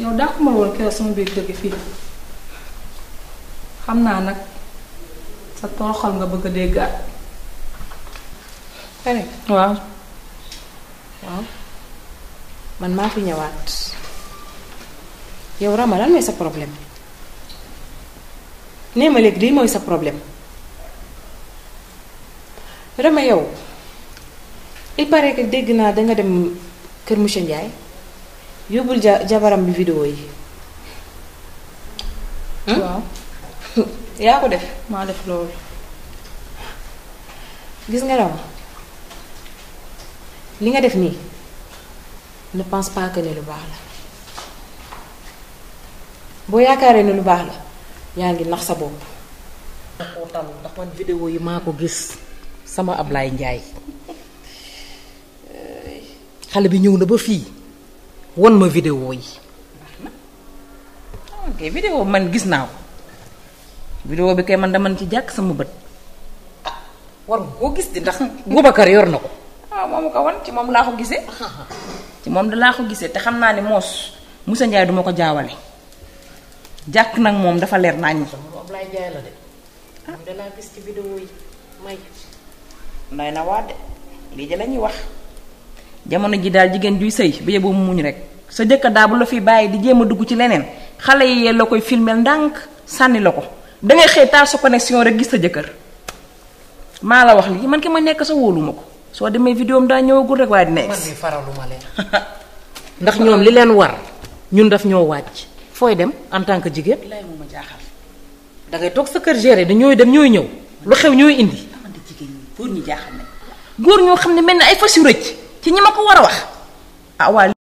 yow dàq ma woon kéro sama biir dëgg fii xam naa nag sa toroxal nga bëgg a déggaat xere waaw waaw man maa fi ñëwaat yow ya rama lan mooy sa problème nee ma léegi lii mooy sa problème rama yow il paraît que dégg naa nga dem kër monsieur Ndiaye yóbbul jabaram bi video yi. Hmm? waaw. yaa ko def. maa def loolu. gis nga dama li nga def nii ne pense pas ne lu baax la boo yaakaaree ne lu baax la yaa ngi nax sa bopp. koo ndax man vidéo yi maa ko gis sama Ablaye Ndiaye xale bi ñëw na ba fii. won ma vidéo yi. Ah, ok vidéo man gis naa ko. vidéo bi kay man dama ci jàkk sama bët. ah war nga koo gis di ndax. Boubacar yor na ko. waaw ah, moomu ko wan ci moom laa ko gisee. ci moom da ko gisee te xam naa ni moos Moussa Ndiaye duma ko jaawale. jàkk nag moom dafa leer naññ. Ablaye la de. ah gis ci vidéo yi may. nay na waa de lii de la wax. jamono ji daal jigéen juy sëy ba yeboo mu muñ rek sa jëkkër daa bu la fi bàyyi di jéem a dugg ci leneen xale yi la koy filmeel ndànk sànni la ko dangay xëy taal sa connexion rek gis sa jëkkër maa la wax lii man ki ma nekk sa wóolu ma ko soo demee vidéo daa ñëwagul rek waaye dina. man mi faraluma leen ndax ñoom li leen war ñun daf ñoo wàcc. fooy dem en tant que jigéen. lay moom ma da ngay toog sa kër géré dañooy dem ñooy ñëw lu xew ñooy indi. góor ñi jaaxal góor ñoo xam ne mel na ay fas yu rëcc. ci ñi ma ko war a wax ah,